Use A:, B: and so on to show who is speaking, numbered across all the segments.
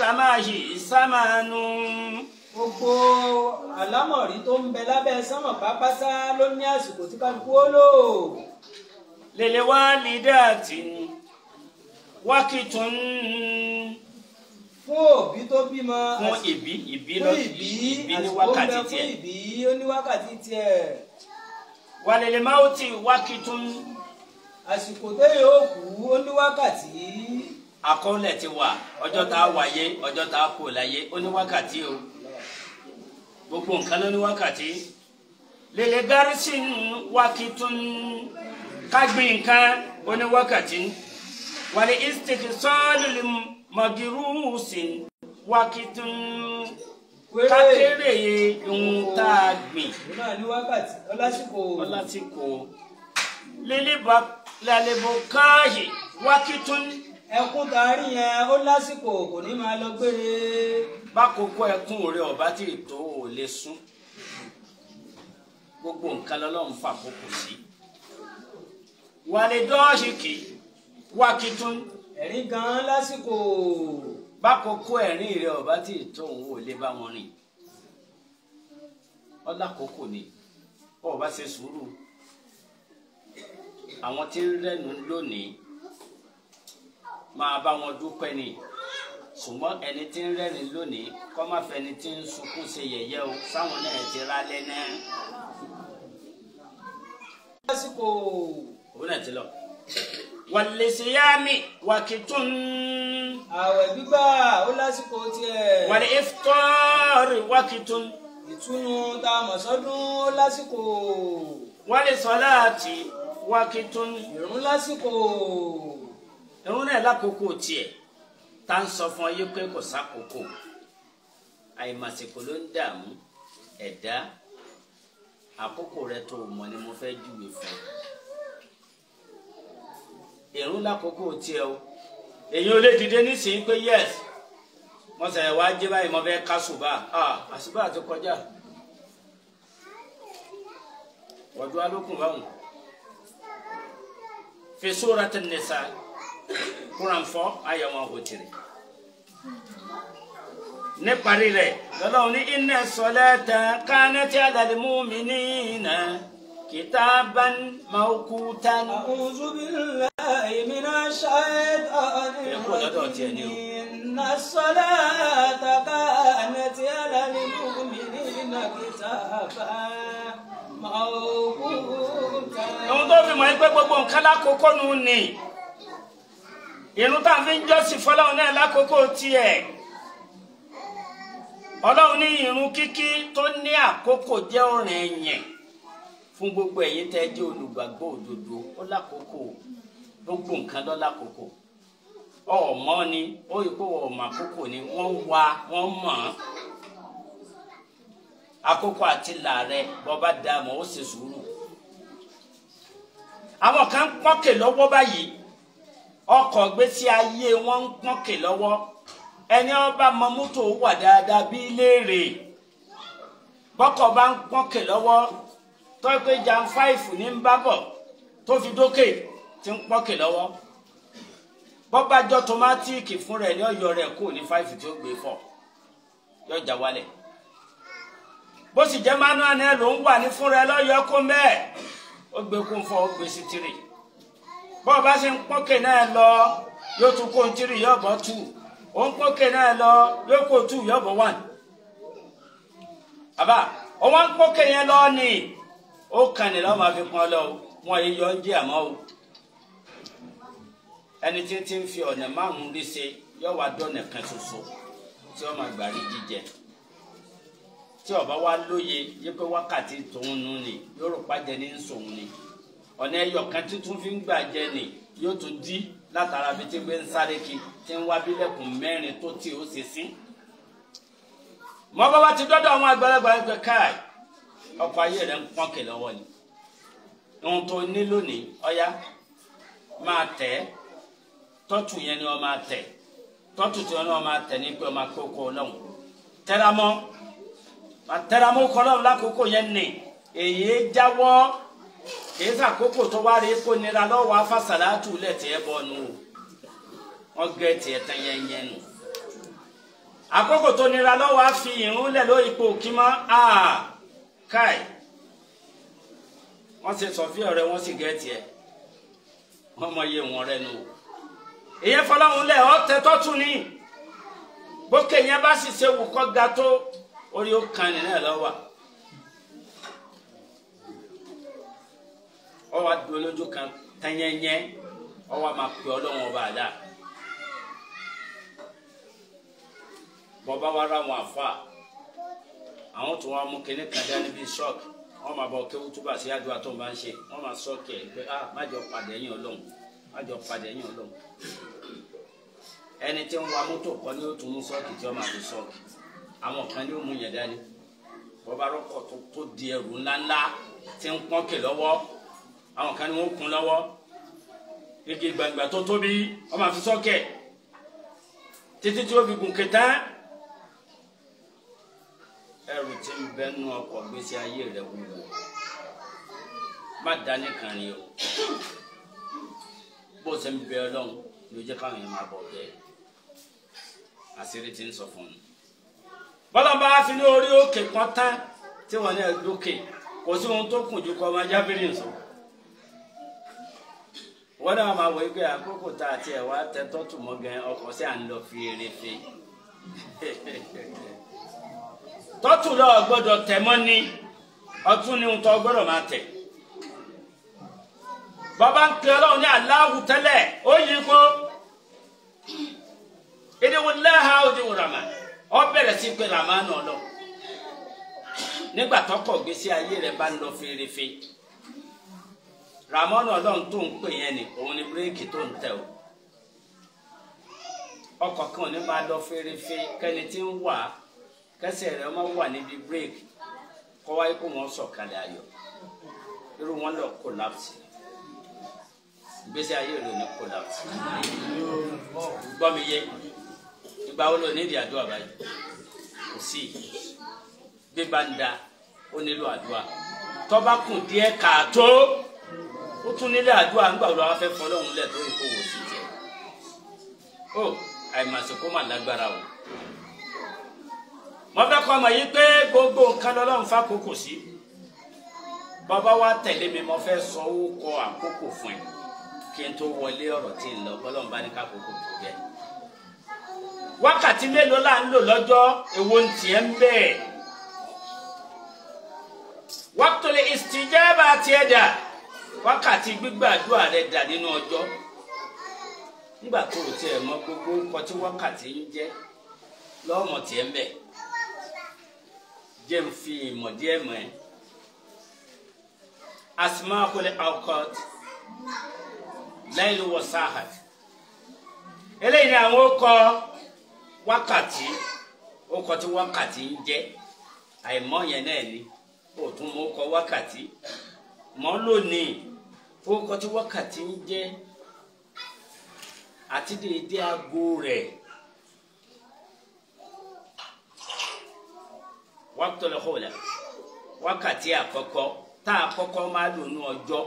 A: àtàmáṣe ìsámánú. gbogbo àlámọ̀rí tó ń bẹ lábẹ́ sánmọ̀ pápásá ló ní àsìkò tí kálukú ó lò. lèlè wá ní dáàtì wákìtún. fún òbí tó bímọ. fún ìbí ìbí lọ ìbí ní wákàtí tiẹ̀. fún ìbí ó ní wákàtí tiẹ̀. wàlẹ̀lẹ̀ máa ti wákìtún. àsìkò téèyàn ó kú ó ní wákàtí. àkọọ́lẹ̀ ti wà ọjọ́ tá a wáyé ọjọ́ tá a kú láyé ó ní wákàtí o gbogbo nǹkan ló ní wákàtí lèlè ń nǹkan ó ní wákàtí wàlẹ̀ istik sọ́ọ̀lù mọ̀gìrúùsì wákìtún kákéré ohun tá a gbìn. ọlásìkò lèlè ẹkún taari yẹn ó lásìkò kò ní máa lọ gbére. bákòókò ẹkún rẹ ọba tí ètò ò lè sún gbogbo nǹkan lọ́lọ́run fàkókò sí. wàlẹ̀ dọ́ọ̀ṣìkì wákìtún. ẹ̀rín gan-an lásìkò. bákòókò ẹ̀rín rẹ ọba tí ètò òun ò lè bá wọn rìn. ọlákòókò ni ọba ṣe sùúrù àwọn tí ń rẹ́nu lónìí máa bá wọn dúpẹ́ ni ṣùgbọ́n ẹni tí ń rẹ́rìn lónìí kọ́ má fẹ́ tí ń sunkún ṣe yẹ̀yẹ́ o sáwọn náà ti ra lẹ́nẹ́. lásìkò òun náà ti lọ. wàlẹ́sìyámi wàkìtún. àwẹ̀ gbígbà ó lásìkò tiẹ̀. wàlẹ́ ìfitọ́rì wàkìtún. ìtúnu tá a mọ̀ sọ́dún ó lásìkò. wàlẹ́ sọ́láàtì wàkìtún. ìrun lásìkò irun náà lákòókò tiẹ̀ tá ń sọ fún ọyẹ pé kò sákòókò àìmàsìkò ló ń dààmú ẹ̀dá àkókò rẹ tó mọ̀ ni mo fẹ́ júwe fún irun lákòókò tiẹ̀ o èyí ò lè dìde nísìnyí pé yes mo sẹ̀yẹ̀ wá jẹ́ báyìí mo fẹ́ kásùbà àṣùbà ti kọjá wọ́n ju alókùn báwọn fi sóra tẹ̀ nìsa kuranfɔ ayɛ wọn kò tiri ní parí rẹ̀ lọ́lọ́run ní inna salata kanat ala al-mu'minina kitaban mawqutan. a'udhu billahi minash shaytanir rajim inna salata kanat ala al-mu'minina kitaban mawqutan. ohun tó fi mọ̀ ẹ́ pé gbogbo nǹkan lákòókò nù ní irun tá a fi ń jọ́sìn fọlọ́run náà lákòókò tiẹ̀ ọlọ́run ní irun kíkí tó ní àkókò jẹ́ ọ̀ràn ẹ̀yẹ̀ fún gbogbo ẹ̀yin tẹ́ jẹ́ olùgbàgbọ́ òdodo ó lákòókò gbogbo nǹkan lọ lákòókò ọmọ ni ó yẹ kó ọmọ àkókò ni wọ́n wá wọ́n mọ̀ ọ́n àkókò àti làárẹ̀ bọ́ba dààmú ó sì sùúrù àwọn kan pọ́kè lọ́wọ́ báyìí ọkọ̀ gbésí ayé wọn ń pọ́nkè lọ́wọ́ ẹni ọba mọ mọ́tò wà dáadáa bí léèrè bọ́kọ̀ bá ń pọ́nkè lọ́wọ́ tó pé jan fáìfù ní ń bábọ̀ tó fi dókè ti ń pọ́nkè lọ́wọ́ bọ́bájọ́ tomátíìkì fún rẹ̀ ní ọ̀yọ́ rẹ̀ kò ní fáìfù tí ó gbé fọ̀ yọjà wálẹ̀ bó sì jẹ́ manuel ló ń wà ní fúnra ẹ lọ́yọ́ kó mẹ́ẹ̀ ó gbé kún fọ́ ó gbé sí tirì. bọ́ ọ ṣe ń náà lọ yóò tún kó ntírì yọ̀bọ̀ tù ó ń náà lọ yóò kó tù yọ̀bọ̀ wàn. àbá òun lọ ni ó kàn ní lọ́wọ́ fi pọ́n lọ wọn yìí yọ àmọ́ o ẹni tí ti ń fi ọ̀nà márùn-ún rí ṣe yóò wá dọ́nà kan ṣoṣo tí ó máa jíjẹ tí lóye wákàtí tòun nù ni yóò rò pàjẹ́ ní ọ̀nà ẹyọ kan títún fi ń gbà jẹ ni yóò tún dí látara bí tí gbé ń sáré kí tí ń wá bílẹ̀kùn mẹ́rin tó tì ó ṣe sí. mọ bàbá ti dọ́dọ̀ àwọn àgbàlagbà ẹgbẹ́ káì ọkọ̀ ayé rẹ̀ ń pọ́nkè lọ́wọ́ ni ohun tó ní lónìí ọ̀yá máa tẹ̀ tọ́tù yẹn ni wọ́n máa tẹ̀ tọ́tù tí wọ́n náà máa tẹ̀ ní pé wọ́n máa kó kó lọ́hùn tẹ́ramọ́ tẹ́ramọ́ kọ́ lọ́hùn lákòókò yẹn nì èyí jáwọ́ kìí sàkókò tó wá rí kó nira lọ́wọ́ afásàlátù lẹ̀ tiẹ̀ bọ̀ nù o wọ́n gẹ̀ tiẹ̀ tán yẹn yẹn nù. àkókò tó nira lọ́wọ́ afi ìrún lẹ̀ lórí ipò kí mọ́ a káì wọ́n ṣe sọ̀fí ọ̀rẹ́ wọ́n sì gẹ̀ tiẹ̀ wọ́n mọ iye wọn rẹ nù o. ìyẹn fọlọ́hún lẹ̀ ọ́ tẹ tọ́tù ni bókè yẹn bá sì ṣe wù kọ́ ga tó orí ó kan nìyẹn lọ́wọ́ ọwọ adúlójú kan tẹnyẹnyẹ ọwọ a máa pè ọlọ́wọ́n ọba àdá bọba wa ra wọn àfa àwọn tó wọn mú kinní kan dání bíi ṣọ́ọ̀kì wọn máa bọ kéwú túbà sí àdúrà tó ń bá ń ṣe wọn máa ṣọ́ọ̀kì ẹ pé ah má jọ padà ẹ̀yìn Ọlọ́run má jọ padà ẹ̀yìn Ọlọ́run ẹni tí ń wa mọ́tò kọ́ ni ó tún mú ṣọ́ọ̀kì tí wọ́n máa fi ṣọ́ọ̀kì àwọn kan ni ó mú yẹn dání bọba rọkọ̀ tó di ẹrù ńláńlá tí ń pọ́nkì lọ́wọ́ àwọn kan ní wọn kún lọ́wọ́ gègé gbangba tó tóbi ọmọ àfisọ́ kẹ̀ títí tí ó fi gùn kẹta ẹrù tí ń bẹ nú ọkọ̀ gbèsè ayé rẹ̀ wúwo má dání kan ni o bó ṣe ń bẹ ọlọ́run ló jẹ́ káwọn yẹn máa bọ̀ bẹ́ẹ̀ àṣírí ti ń sọ fún un. bọ́lá bá fi ní orí òkè kan tán tí wọ́n ní ẹgbẹ́ òkè kò sí ohun tó kùn ju kọ́ ọmọ jábírì ń sọ. wọ́n náà máa wọ pé àkókò tá a tiẹ̀ wá tẹ́tọ́ tù mọ́ gan ọkọ̀ sí à ń lọ fi tọ́tù lọ́ọ́ gbọ́dọ̀ tẹ̀ mọ́ ni ọtún ni gbọ́dọ̀ máa tẹ̀ bàbá ń ọlọ́run ní kó ìdíwọ̀n lẹ́hà òdiwọ̀n ràmà ọ bẹ̀rẹ̀ sí pé ràmà náà lọ gbèsè ayé bá ramọ́nù ọlọ́run tó ń pè yẹn ni òun ni bíréèkì tó ń tẹ̀ o ọkọ̀ kan ní máa lọ fèrèfé kẹ́ni tí ń wà kẹsẹ̀ rẹ̀ máa wà níbi bíréèkì kọ́ wáyé kó wọ́n sọ̀kalẹ̀ ayọ̀ irú wọn lọ kólapsì ìgbésí ayé rẹ̀ ní kólapsì gbọ́ mi yé ìgbà wo ló ní àdúrà báyìí kò sí gbígbá ń da ó nílò àdúrà tọ́ba kù díẹ̀ kàtó. ó tún nílé àdúrà ńgbà wo la fẹ́ fọlọ́hún lẹ̀ tó ìkó wò sí jẹ́ ó o fẹ́ kọ́ pé gbogbo nǹkan lọ́lọ́run koko sí bàbá wa tẹ̀lé mi mo fẹ́ sọ ó kọ àkókò fún ẹ kí n tó wọlé ọ̀rọ̀ tí ń lọ bọ́lọ́run bá ní kákòókò tó bẹ́ẹ̀ wákàtí mélòó wákàtí gbígbàdúrà rẹ dà nínú ọjọ nígbà tó o mọ gbogbo nǹkan tí wákàtí ń jẹ́ lọ́mọ tiẹ̀ je bẹ̀ fi ìmọ̀ díẹ̀ mọ̀ ẹ́ asmaul awqat lailu wa sahat eléyìí ni àwọn kọ wákàtí ó tí wákàtí ni o tún kọ wákàtí. mọ́ lónìí orúkọ tí wákàtí ń jẹ́ àti déédé aago rẹ̀ wákàtí wákàtí àkọ́kọ́ tá a kọ́kọ́ máa lò ní ọjọ́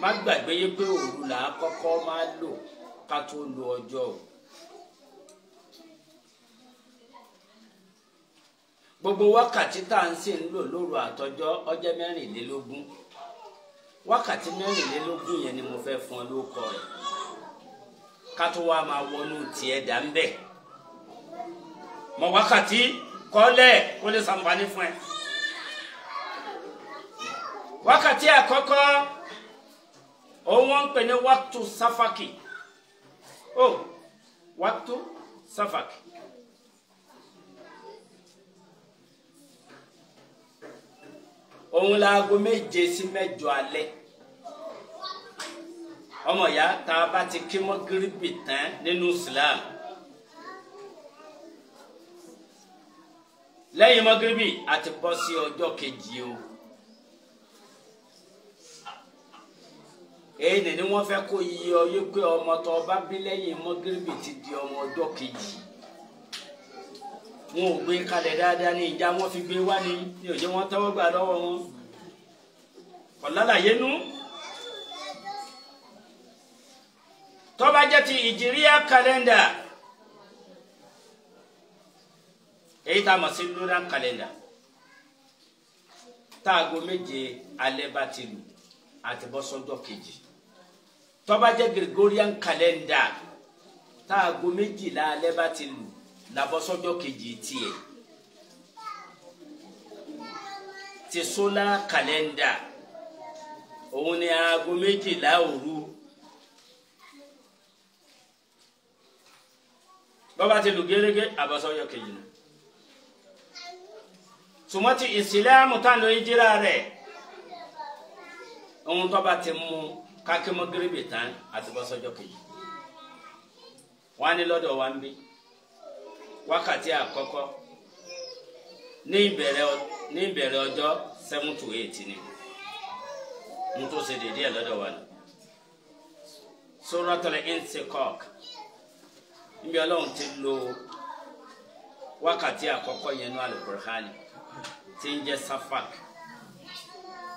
A: má gbàgbé yé pé òru là á kọ́kọ́ máa lò ká tó lo ọjọ́ o. gbogbo wákàtí tá à ń sì ń lò lóru àtọjọ́ ọjọ́ mẹ́rìnlélógún wákàtí mẹ́rìnlélógún yẹn ni mo fẹ́ fún ọ lóko rẹ̀ ká tó wá máa wọnú tiẹ̀ dà ń bẹ̀ mọ wákàtí kọ́lẹ̀ kó lè sàǹfààní fún ẹ wákàtí àkọ́kọ́ òun wọ́n ń pè ní wákàtú sáfàkì ó oh, wákàtú sáfàkì. òun laago méje sí mẹ́jọ alẹ́ ọmọ ìyá tá a bá ti kí mọ́gíríbì tán nínú Islam lẹ́yìn mọ́gíríbì a ti bọ́ sí ọjọ́ kejì o èyí ni wọ́n fẹ́ kó yí ọ yí pé ọmọ tó bá bí lẹ́yìn mọ́gíríbì ti di ọmọ ọjọ́ kejì wọn ò gbé kalẹ̀ dáadáa ní ìjà wọn fi gbé wá ní ní òjò wọn tẹ́wọ́ gbà lọ́wọ́ wọn ọ̀làlàyé nú. tó bá jẹ́ ti ìjìríyà kàlẹ́ndà èyí tá a mọ̀ sí lunar calendar táago méje alẹ́ bá ti lù àti bọ́sọ́jọ́ kejì tó jẹ́ Gregorian calendar táago méjìlá alẹ́ bá ti lù labọ́sọ́jọ́ kejì tiẹ̀ ti sola kàlẹ́ndà òun ni aago méjìlá òru bọ́ba ti lù gẹ́gẹ́ abọ́sọ́jọ́ kejì nù sumati ìsìlámù táwọn ìjìlá rẹ̀ ohun tó bá ti mú kákímọ́gírìbì tán àti bọ́sọ́jọ́ kejì wọ́n á ní lọ́dọ̀ wa wákàtí àkọ́kọ́ ní ìbẹ̀rẹ̀ ọjọ́ seven to eight ni mo tó ṣe dédé ẹ̀ lọ́dọ̀ wa ni Suratul Inshikak níbi ọlọ́run ti lo safak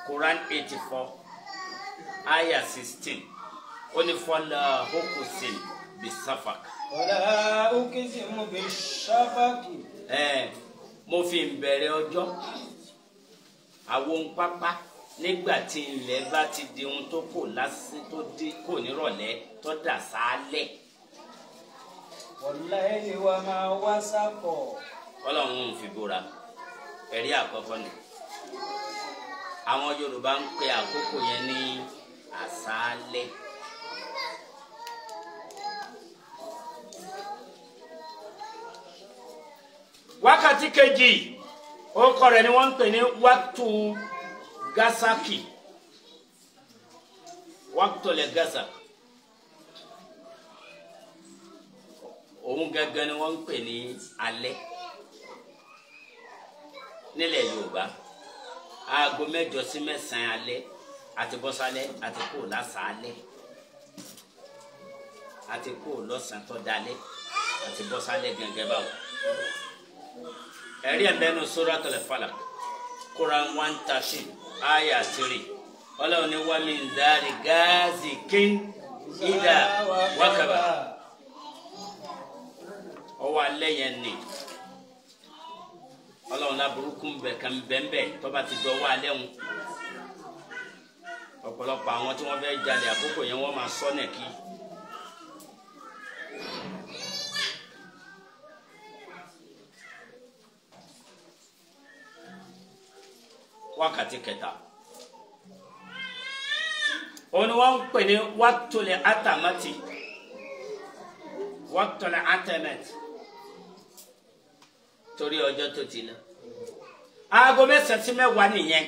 A: Quran 84 ayah sixteen ó ní fọlá bisafak. wàlá òkèsì mo bẹ ṣáfàkì. ẹ mo fi ìbẹ̀rẹ̀ ọjọ́ àwọn ohun pápá nígbà tí ilẹ̀ bá ti di ohun tó kò lásì tó dé kò nírọ̀lẹ́ tó dà sálẹ̀. wàlá ẹni wa máa wá sápọ̀. ọlọ́run ń fi bóra ẹ̀rí àkọ́kọ́ ni àwọn Yorùbá ń pe àkókò yẹn ní àṣálẹ́. wákàtí kejì orúkọ rẹ̀ ni wọ́n ń pè ní wákàtú gasaki wákàtú lẹ gasak òun gangan ni wọ́n ń pè ní alẹ́ nílẹ̀ yorùbá aago mẹ́jọ sí mẹ́sàn-án alẹ́ àti bọ́sálẹ́ àti kò lásàálẹ́ àti kò lọ́sàn-án tó dalẹ́ àti bọ́sálẹ́ gangan báwo ẹ̀rí ẹ̀bẹ́nu Suratul Falaq Quran one thirty aya three ọlọ́run ní wá mi ń dárí gáàsì kín ìdá wákàbà ọwọ́ alẹ́ yẹn ni ọlọ́run láburúkú ń bẹ̀ kàn bẹ́ẹ̀ bẹ́ẹ̀ tó bá ti di ọwọ́ alẹ́ wọn ọ̀pọ̀lọpọ̀ àwọn tí wọ́n fẹ́ jalè àkókò yẹn wọ́n máa sọ́nà kí. wákàtí kẹta òun ni wọ́n pè ní torí ọjọ́ tó ti lọ aago mẹ́sàn sí mẹ́wàá nìyẹn.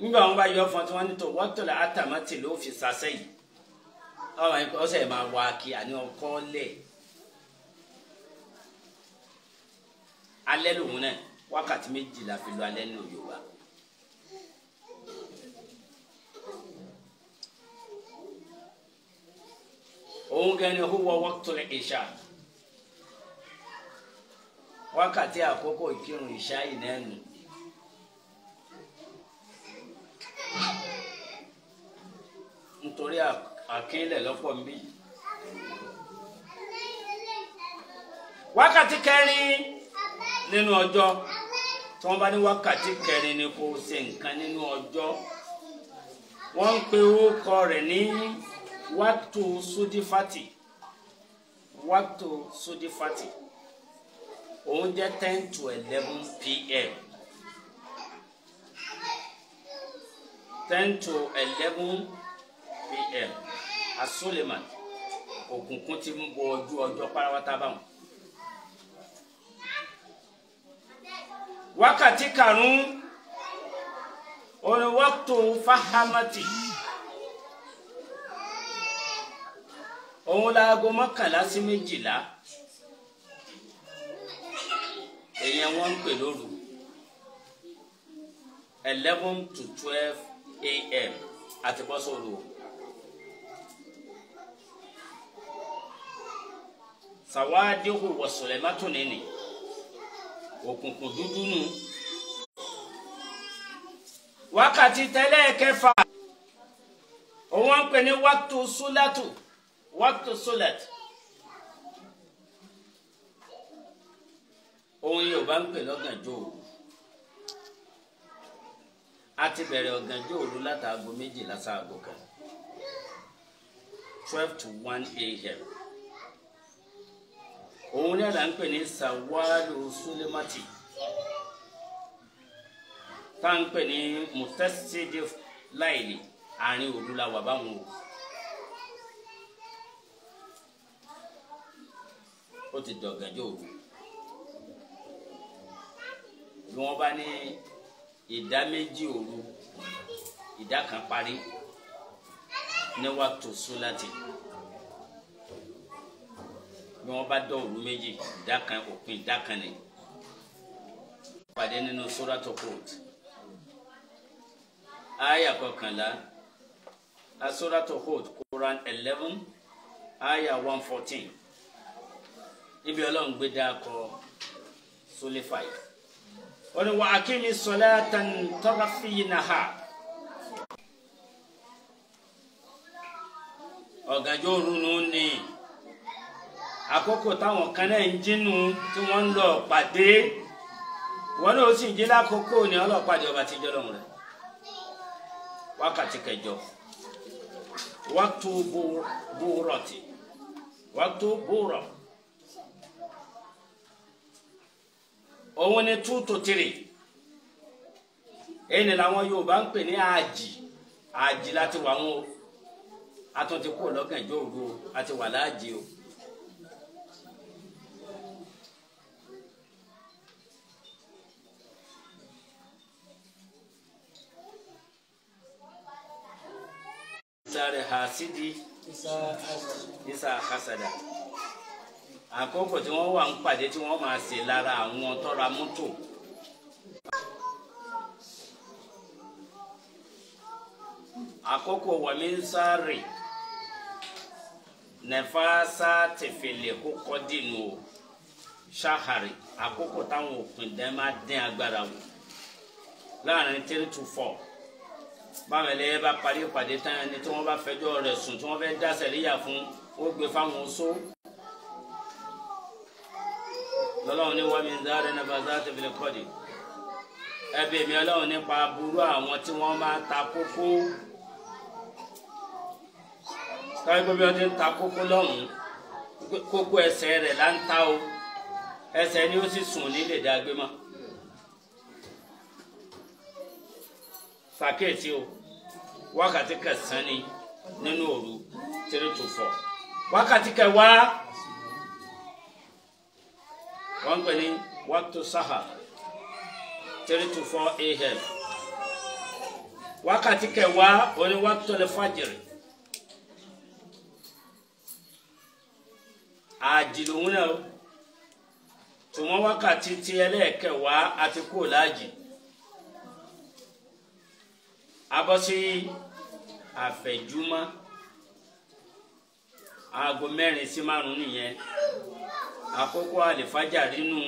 A: nígbà wọn bá yọ fún ọ tí wọn ní tó ló fi sasẹ yìí ọsẹ máa wá kí àní ọkọ alẹ́ lòun náà wákàtí méjìlá fi lo alẹ́ nílò yorùbá. òun gan ni huwa waqtul isha wákàtí àkókò ìkírun ìṣá yìí náà nù. nítorí àkínlẹ̀ lọ́pọ̀ ń bí. wákàtí kẹrin nínú ọjọ́ tí wọ́n bá ní wákàtí kẹrin ni kò ṣe nǹkan nínú ọjọ́ wọ́n ń pe orúkọ rẹ̀ ní wákàtò sódífàtì wákàtò sódífàtì òun jẹ́ ten to eleven pm ten to eleven pm asúlẹ̀mà òkùnkùn ti ń bo ojú ọjọ́ pátápátá báwọn. wákàtí karùn-ún òní wọ́pútù fahamati òun laago mọ́kànlá sí méjìlá èèyàn wọn ń pè lóru eleven to twelve a.m. àti bọ́sọ̀rọ̀ o. sàwádìí hùwà sùlẹ̀mátù nínú òkùnkùn dúdú nù. wákàtí tẹ́lẹ̀ kẹfà òun ń pè ní wákàtú sólẹ́tù wákàtú sólẹ́tù òun yóò bá ń pè lọ́gànjọ́ òru a ti bẹ̀rẹ̀ ọ̀gànjọ́ òru látàgò méjìlá sáàgò kan twelve to one a.m òun náà là ń pè ní sawalu sulemati tá à ń pè ní mutasidi láìlì àárín òdu la wà báwọn o. ó ti dọ̀gànjọ́ òru bí wọ́n bá ní ìdá méjì òru ìdá kan parí ní wàá tó sólátì bí wọ́n bá dọ̀ òru méjì ìdá kan òpin ìdá kan ni pàdé nínú sóràtò Hud àyà kọkànlá asóràtò Hud Quran eleven àyà one fourteen níbi ọlọ́run gbé dáàkọ solifai wọ́n ní wà á kí ni sọlá tan tọ́ka fìyí náà ha. ọ̀gànjọ́ òru nù ní àkókò táwọn kan náà ń jínú tí wọ́n ń lọ pàdé wọn náà sì ń jí lákòókò ní ọlọ́pàdé ọba tíjọ́ lọ́hùn rẹ̀ wákàtí kẹjọ wákàtí búrọ̀ tì wákàtí búrọ̀ òun ni two to three èyí ni làwọn Yorùbá ń pè ní àjì àjì láti wà wọn o a tún ti kú òru o wà láàjì o. tare hasidi isa hasada àkókò tí wọ́n wà ń pàdé tí wọ́n máa ṣe lára àwọn tọ́ra mọ́tò. àkókò wàmí ń sáré nẹfàásá tẹfẹlẹ kókọ dìnnú o ṣáhàrì àkókò táwọn òpin dẹ́n máa dín agbára wò láàrin three to four báwọn ẹlẹ́yẹ bá parí ìpàdé tán ẹni tí wọ́n bá fẹjọ́ rẹ̀ sùn tí wọ́n fẹ́ dá sẹ̀ríyà fún ó gbé fáwọn oṣó. lọ́lọ́run ní wàmí nzáre nàbàzá ti fi lè kọ́dì ẹbí mi ọlọ́run nípa burú àwọn tí wọ́n máa ta kókó káyọ̀ pé bí wọ́n ti ń ta kókó lọ́hùn-ún kókó ẹsẹ̀ rẹ̀ là ń ta o ẹsẹ̀ ni ó sì sùn nílé dàgbé mọ́. ṣàkíyèsí o wákàtí kẹsàn-án ni nínú òru three to four wákàtí kẹwàá wọ́n pè ní wàtò sáhà three to four a.m. wákàtí kẹwàá oní wàtò lè fàjìrì. àdìlòhún náà tòmọ́ wákàtí tí ẹlẹ́ẹ̀kẹwàá àti kò láàjì abọ́ sí àfẹ̀júmọ́ aago mẹ́rin sí márùn-ún nìyẹn àkókò àlèfájà rínú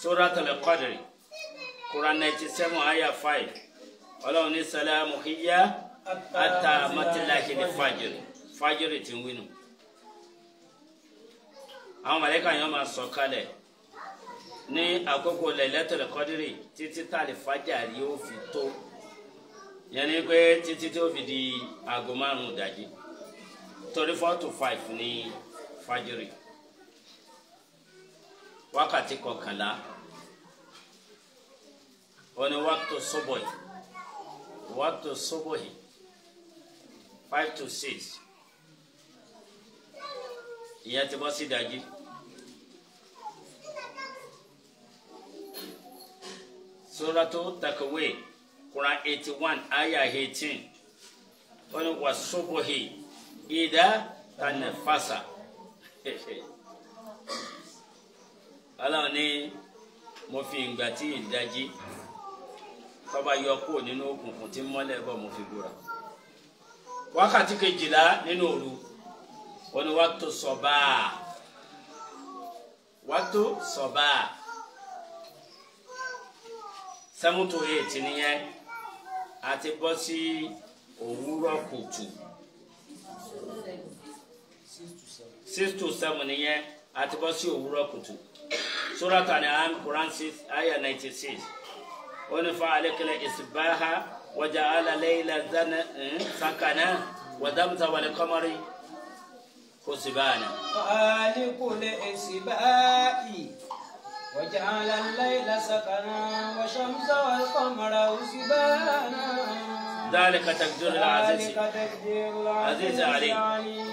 A: sóràtàlẹ̀ kọ́dìrì kura ninety seven aya five ọlọ́run ní sàlámù híyá ata mọ́tìláhì ní fàjìrì fàjìrì tí ń wínú àwọn mọ̀lẹ́kà yẹn máa sọ kalẹ̀ ní àkókò Lailatul Qadri títí tàlẹ́ fàjàrí ó fi tó yẹn ni pé títí tó fi di aago márùn-ún ìdájí torí four to five ní fàjàrí wákàtí kọkànlá wọn ni wákàtí sọ́bọ̀ yìí wákàtí sọ́bọ̀ yìí five to six ìyẹn ti bọ́ sí ìdájí. suratu takawe quran 81 one aya eighteen wọ́n ní wà sọ́bọ̀hì ìdá tanifasa aláwọ̀ ni mo fi ìgbà tí ìdajì tọ́ba yọ kúrò nínú òkùnkùn tí mọ́lẹ̀ bọ̀ mo fi búra wákàtí kejìlá nínú òru wọ́n ní wàá tó sọ̀bà wàá tó sọ̀bà seven to eight nìyẹn a ti bọ́ sí òwúrọ̀ kùtù six to seven nìyẹn a ti bọ́ sí òwúrọ̀ kùtù surat al-an'am quran six ayah ninety six ó ní fa alekele isbaha wàjà alalayla zana hmm? sakana wàdàmùtà wàlẹ kọmọrin kò sì báyìí. fa alekele isbaha. وجعل الليل سكنا والشمس والقمر حسبانا ذلك تقدير العزيز العزيز العليم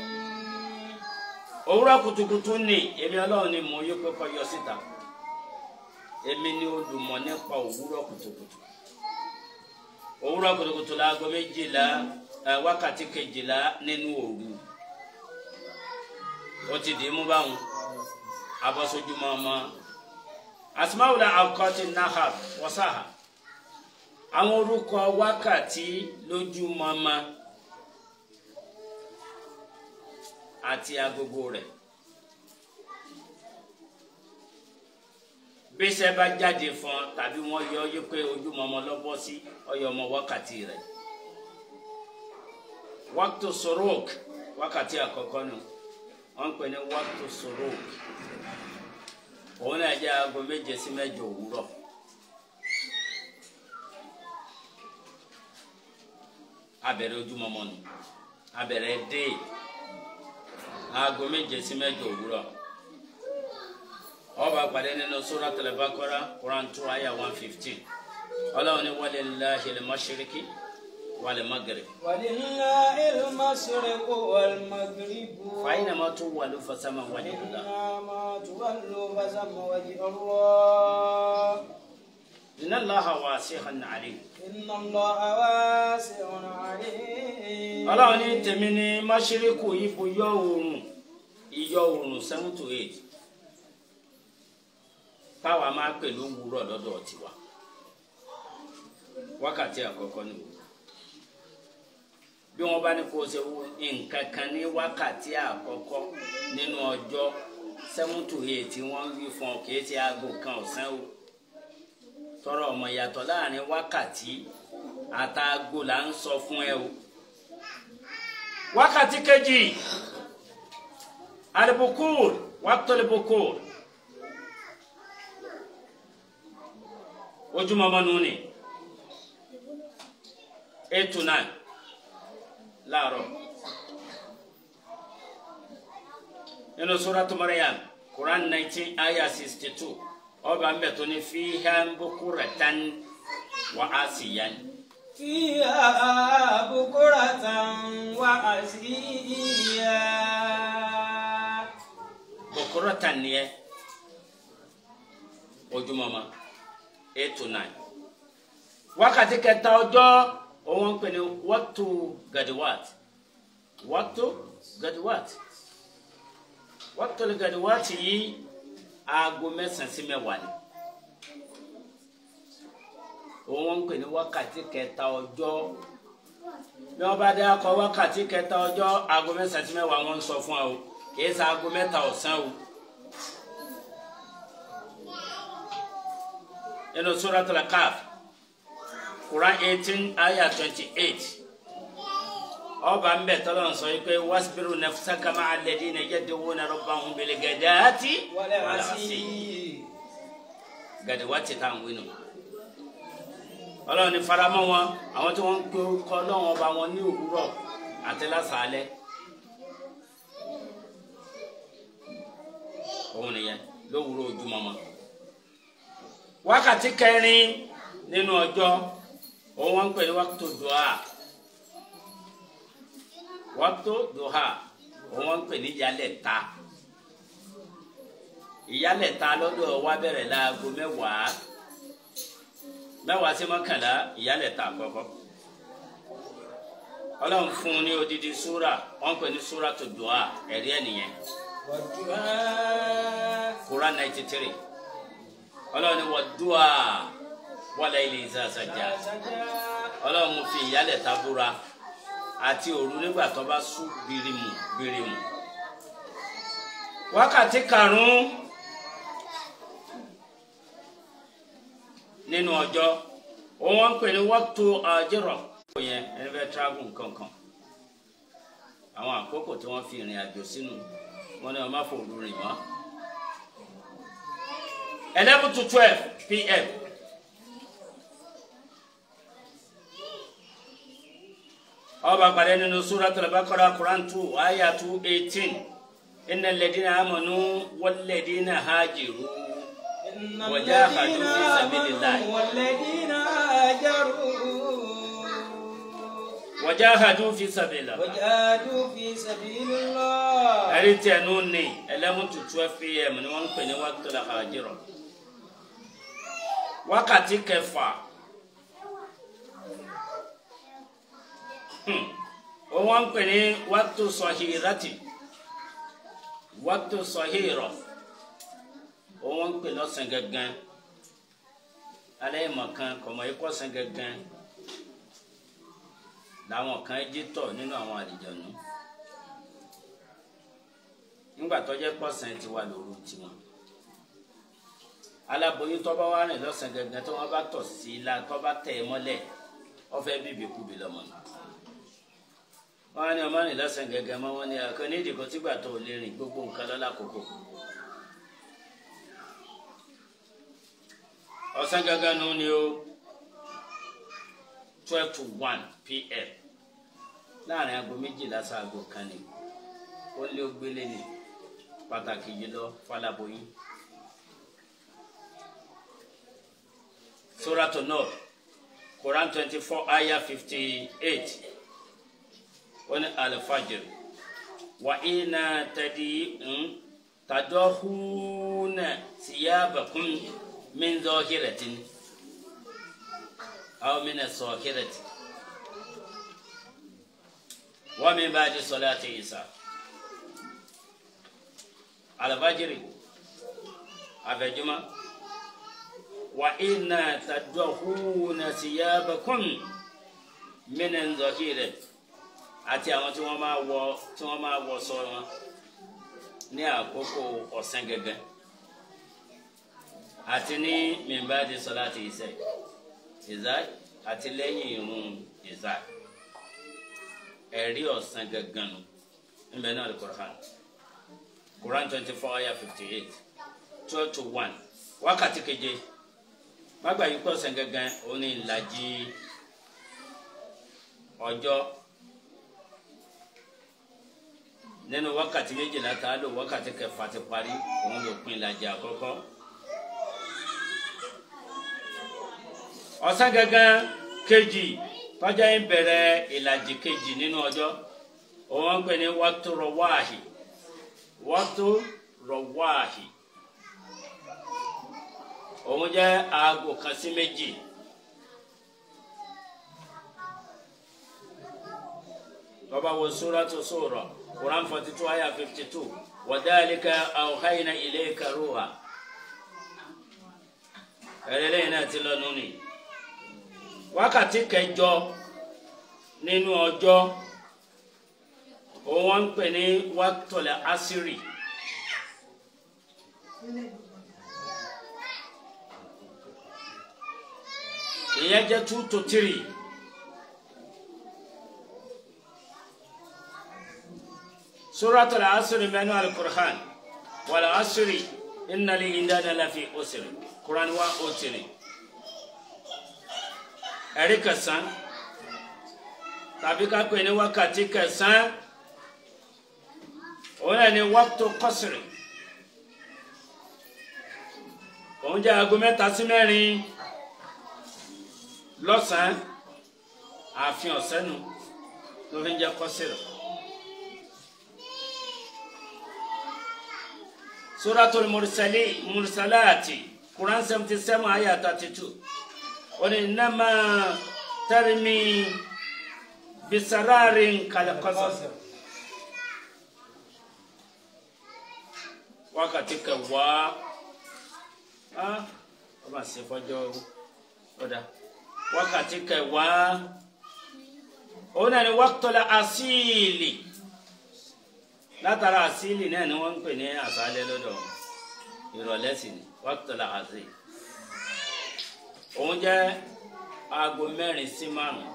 A: òwúrọ̀ kùtùkùtù ni Emi ọlọ́run ni mò ń yí pẹ́pẹ́ yọ síta èmi ni olùmọ̀ nípa òwúrọ̀ kùtùkùtù òwúrọ̀ kùtùkùtù láago méjìlá wákàtí kejìlá nínú òru ó ti dì í mú báwọn abọ́sójúmọ́ ọmọ asmaul awqati nahar wasaha àwọn orúkọ wákàtí lójúmọmọ àti agogo rẹ̀ bíṣẹ bá jáde fún tàbí wọn yọ ọ yí pé ojúmọmọ lọ bọ sí ọyọ ọmọ wákàtí rẹ̀ wákàtí sorok wákàtí àkọ́kọ́ nù wọn pè ní wákàtí sorok. òun náà jẹ́ aago méje sí mẹ́jọ òwúrọ̀. abẹrẹ ojúmọmọ nù abẹ̀rẹ̀ déè aago méje sí mẹ́jọ òwúrọ̀ ọba pàdé nínú Suratul Baqara Quran two ayah one fifteen ọlọ́run ní walillahil mashriqi. والمغرب ولله المشرق والمغرب فأينما تولوا فثم وجه الله فأينما تولوا فثم وجه الله إن الله واسع عليم إن الله واسع عليم Ọlọ́run ní tèmi ní máṣíríkù ìbò yọ oòrùn ìyọ oòrùn seven to eight táwa máa wákàtí àkọ́kọ́ ni wò. bí wọn bá ní kó ṣe nǹkan kan ní wákàtí àkọ́kọ́ nínú ọjọ́ seven to eight wọ́n rí fún ọ kìí ṣe aago kan ọ̀sán o tọrọ ọmọ ìyàtọ̀ láàrin wákàtí àtàgò là ń sọ fún ẹ o wákàtí kejì alibukur wàtòlibukur ojúmọmọ nù ni eight to nine. láàárọ̀ nínú suratu Maryam Quran nineteen ayah sixty two ọba ń fiha bukuratan wa asiyan. fiha wa asiya. bukuratan ni ẹ ojúmọmọ eight to nine wákàtí kẹta òun ń pè ní wọ́tò gadiwat wọ́tò gadiwat wọ́tò gadiwat yìí aago mẹ́sàn-án sí mẹ́wàá ni òun ń pè ní wákàtí kẹta ọjọ́ bí wọ́n bá dé akọ wákàtí kẹta ọjọ́ aago mẹ́sàn-án sí mẹ́wàá wọ́n ń sọ fún ọ kìí sa aago mẹ́ta ọ̀sán o nínú Suratul Kahf. Quran eighteen ayah twenty eight ọba ń bẹ tọ́lọ̀ sọ yìí pé wasbiru nafsaka ma'a alladhina yad'una rabbahum bil ghadati wal 'ashiyyi gàdéwàtì tá à ń wínú ọlọ́run ní faramọ́ wọn àwọn tí wọ́n ń pe orúkọ ọlọ́run ọba wọn ní òwúrọ̀ àti lásàálẹ̀ òun nìyẹn lówùúrọ̀ ojúmọmọ wákàtí kẹrin nínú ọjọ́. òun wọ́n ń pè ní wákùtò dùhà wákùtò dùhà wa bẹ̀rẹ̀ láago mẹ́wàá mẹ́wàá sí mọ́kànlá ìyálẹ̀ta ní odidi súra wọ́n sura ní súra tó dùhà ẹ̀rí ẹ̀ nìyẹn kura ninety ni wọlé ilé ìsàsàjà ọlọ́run fi ìyálẹ̀ ta àti òru nígbà tó bá sùn birimu birimu wákàtí karùn nínú ọjọ́ òun pè ní wọ́tò àjẹrọ̀ kò yẹn ẹni fẹ́ tíráàbù nkankan àwọn àkókò tí wọ́n fi ìrìn àjò sínú wọn ni wọ́n má fòrú rìn wọ́n eleven to twelve pm ọba pàdé nínú Suratul Baqara Quran two aya two eighteen innal ladina amanu wal ladina hajiru wa jahadu fi sabilillah. wa jahadu fi sabilillah. wa jahadu ẹ̀rí tiẹ̀ nù ní ẹlẹ́mùtù twelve pm pè ní waqtul hajira wákàtí kẹfà. Hmm. wọ́n ń pè ní wàtú sọ̀hìrátì wàtú sọ̀hìrọ̀ wọ́n ń pè lọ́sàn gangan aláìmọ̀ kan kọ̀mọ̀ ikọ̀sán gangan làwọn kan jí tọ̀ nínú àwọn àlìjọ̀nù nígbà tó jẹ́ ti wà lóru tiwọn aláboyún tó bá wà rìn lọ́sàn tí wọ́n bá tọ̀ sí la ɔfɛ bibi kubi wọn á ní ọmọ rìn lọ́sàn gẹ́gẹ́ mọ́ wọn ní ọ̀kan ní ìdìbò lè rìn gbogbo nǹkan lọ́la kókó. ọ̀sán gángan ni ó twelve pm láàrin aago méjìlá sáago kan ni ó lé ogbélé ni pàtàkì jùlọ falaboyún. Surah an Quran twenty-four ayah fifty-eight. wani alfajir wa ina tadi hmm, tadahuna siyabakum min zahiratin aw min as-sakirati wa min ba'di salati isa alfajiri abajuma, wa ina tadahuna siyabakum min zahiratin àti àwọn tí wọ́n máa wọ tí wọ́n máa wọ sọ wọn ní àkókò ọ̀sán gẹ́gẹ́ àti ní mìbáde sọláàtì ìṣe ìṣá àti lẹ́yìn ìrun ìṣá ẹ̀rí ọ̀sán gẹ́gẹ́ nu níbẹ̀ náà lè Qur'an Qur'an twenty four ayah fifty eight twelve to one wákàtí keje gbàgbà yìí pọ̀ ọ̀sán gẹ́gẹ́ òun ìlàjì ọjọ́. nínú wákàtí méjìlá tá ló wákàtí kẹfà ti parí òun ló pin ìlàjì àkọ́kọ́. ọ̀sán gangan kejì tọ́jà ń bẹ̀rẹ̀ ìlàjì kejì nínú ọjọ́ òun ń ní rọwáàhì rọwáàhì òun jẹ́ aago kan sí méjì. wo Quran 42 aya 52 wadhalika auhaina ilayka ruha ẹlẹ́lẹ́yìn náà ti lọ́nu ni wákàtí kẹjọ nínú ọjọ́ wọ́n ń pè ní asiri ìyẹn jẹ́ two to three. suratul asiri mẹ́nu alukur'an wàlá asiri ìnàlẹ̀ ìdáná láfi òsèré kuran wa òsèré ẹ̀rí kẹsàn tàbí kápẹ́ ní wákàtí kẹsàn òun náà ní wákàtí kọ́sìrì òun jẹ́ aago mẹ́ta sí mẹ́rin lọ́sàn-án ààfin ọ̀sẹ́nu ló fi ń jẹ́ kọ́sìrì. suratul mursali mursalati quran seventy seven aya thirty two oni nama tarimi bisararin kalakasa wákàtí kẹwàá ọ bá ṣe fọjọ ọdà wákàtí kẹwàá òun náà ni waqtul asili látara àsílì náà ni wọ́n ń pè ní àṣálẹ́ lọ́dọ̀ ìrọ̀lẹ́ sì ni wákìtọ́lá àṣì òun jẹ́ aago mẹ́rin sí márùn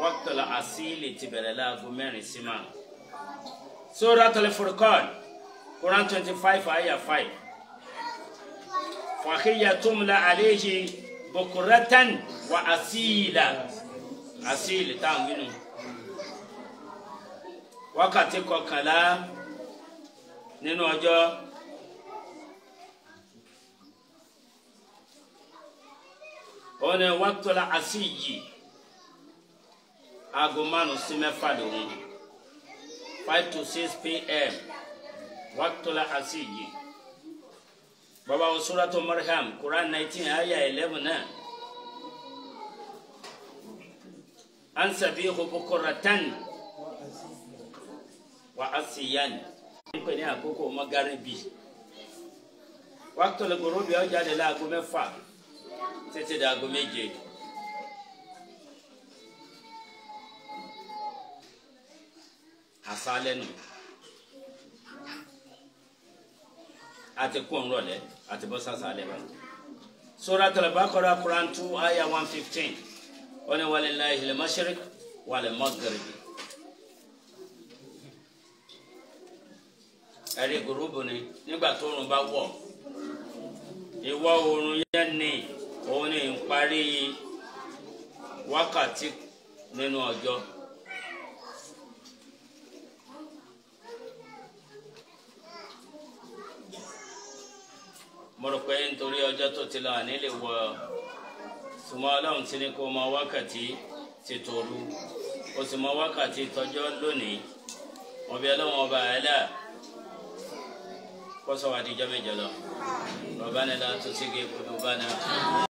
A: wákìtọ́lá àṣílì ti bẹ̀rẹ̀ láago mẹ́rin sí márùn. Suratul Furqan Quran twenty five aya five fàkìyà tumla àlejì bukuratan wa àṣìlà àṣìlì táwọn gbinu wákàtí kọkànlá nínú ọjọ́. wọn ni wọn tọ́lá àti yìí aago márùn sí mẹ́fà lòun five to six pm wọn tọ́lá àti yìí bàbá wọn suratu Maryam Quran nineteen ayah eleven náà ansabihu bukuratan wa asiyan nípa ní àkókò mọ́gàríbì wákàtí ọlọ́gbọ̀rọ̀bì ó jáde láago mẹ́fà títí dàgó méje. àṣálẹ́ nù àti kún rọ̀lẹ́ àti bọ́ sàṣálẹ́ báyìí. Suratul Baqara Quran two ayah one fifteen ó ní walillahi al-mashriq wal-maghrib. ẹ̀rí gúrúùbù ni nígbà tó bá wọ̀ ọ oorun yẹn ni òun ni wákàtí nínú ọjọ́. mo rò pé nítorí ọjọ́ tó ti lọ àní lè wọ sùmọ́ ọlọ́run ti ní kó mọ wákàtí ti tòru sì mọ wákàtí tọjọ́ ọba kó sọ wá di jọ́ mẹ́jọ lọ. Rabbana la tuzigh qulubana.